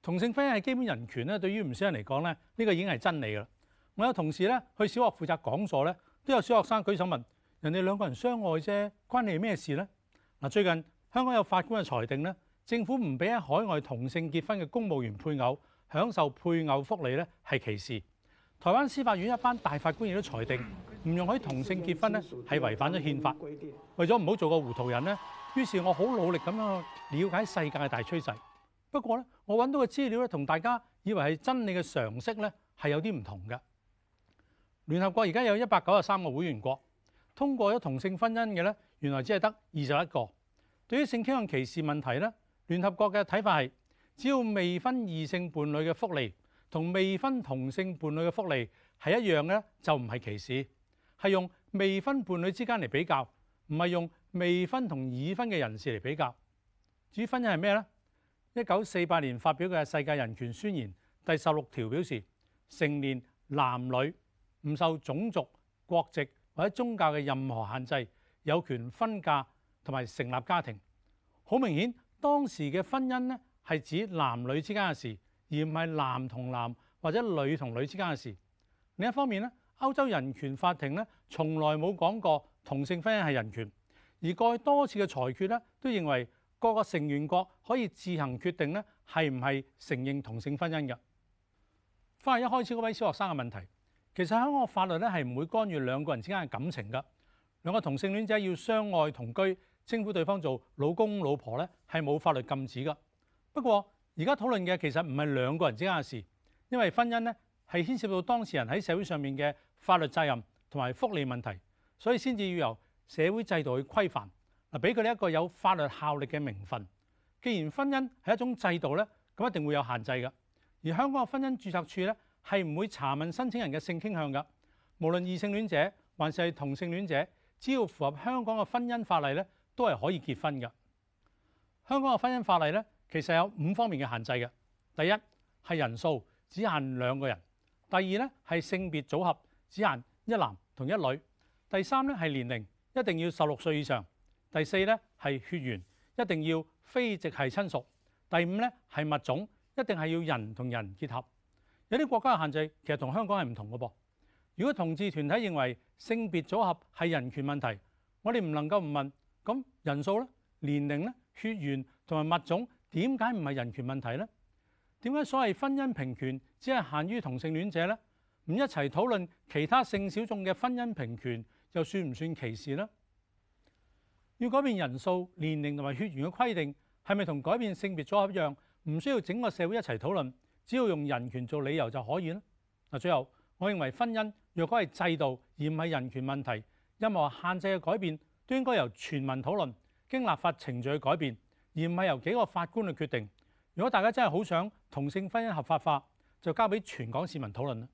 同性婚姻係基本人權咧。對於唔少人嚟講咧，呢個已經係真理噶啦。我有同事咧去小學負責講座咧，都有小學生舉手問：人哋兩個人相愛啫，關你咩事呢？」嗱，最近香港有法官嘅裁定咧，政府唔俾喺海外同性結婚嘅公務員配偶享受配偶福利咧，係歧視。台灣司法院一班大法官亦都裁定，唔容許同性結婚咧，係違反咗憲法。為咗唔好做個糊塗人咧，於是，我好努力咁樣去了解世界嘅大趨勢。不過咧，我揾到嘅資料咧，同大家以為係真理嘅常識咧，係有啲唔同嘅。聯合國而家有一百九十三個會員國通過咗同性婚姻嘅咧，原來只係得二十一個。對於性傾向歧視問題咧，聯合國嘅睇法係只要未婚異性伴侶嘅福利同未婚同性伴侶嘅福利係一樣嘅，就唔係歧視。係用未婚伴侶之間嚟比較，唔係用未婚同已婚嘅人士嚟比較。至於婚姻係咩呢？一九四八年發表嘅《世界人權宣言》第十六條表示，成年男女唔受種族、國籍或者宗教嘅任何限制，有權婚嫁同埋成立家庭。好明顯，當時嘅婚姻呢係指男女之間嘅事，而唔係男同男或者女同女之間嘅事。另一方面呢。歐洲人權法庭咧，從來冇講過同性婚姻係人權，而過去多次嘅裁決咧，都認為各個成員國可以自行決定咧，係唔係承認同性婚姻嘅。翻回一開始嗰位小學生嘅問題，其實香港法律咧係唔會干預兩個人之間嘅感情㗎。兩個同性戀者要相愛同居，稱呼對方做老公老婆咧，係冇法律禁止㗎。不過而家討論嘅其實唔係兩個人之間嘅事，因為婚姻咧。係牽涉到當事人喺社會上面嘅法律責任同埋福利問題，所以先至要由社會制度去規範嗱，俾佢哋一個有法律效力嘅名分。既然婚姻係一種制度咧，咁一定會有限制嘅。而香港嘅婚姻註冊處咧係唔會查問申請人嘅性傾向㗎，無論異性戀者還是同性戀者，只要符合香港嘅婚姻法例咧，都係可以結婚嘅。香港嘅婚姻法例咧其實有五方面嘅限制嘅。第一係人數，只限兩個人。第二咧係性別組合，只限一男同一女。第三咧係年齡，一定要十六歲以上。第四咧係血緣，一定要非直系親屬。第五咧係物種，一定係要人同人結合。有啲國家嘅限制其實同香港係唔同嘅噃。如果同志團體認為性別組合係人權問題，我哋唔能夠唔問。咁人數咧、年齡咧、血緣同埋物種點解唔係人權問題呢？點解所謂婚姻平權只係限於同性戀者呢？唔一齊討論其他性小眾嘅婚姻平權又算唔算歧視呢？要改變人數、年齡同埋血緣嘅規定，係咪同改變性別組合一樣，唔需要整個社會一齊討論，只要用人權做理由就可以呢？嗱，最後我認為婚姻若果係制度而唔係人權問題，任何限制嘅改變都應該由全民討論，經立法程序去改變，而唔係由幾個法官去決定。如果大家真係好想同性婚姻合法化，就交畀全港市民討論啦。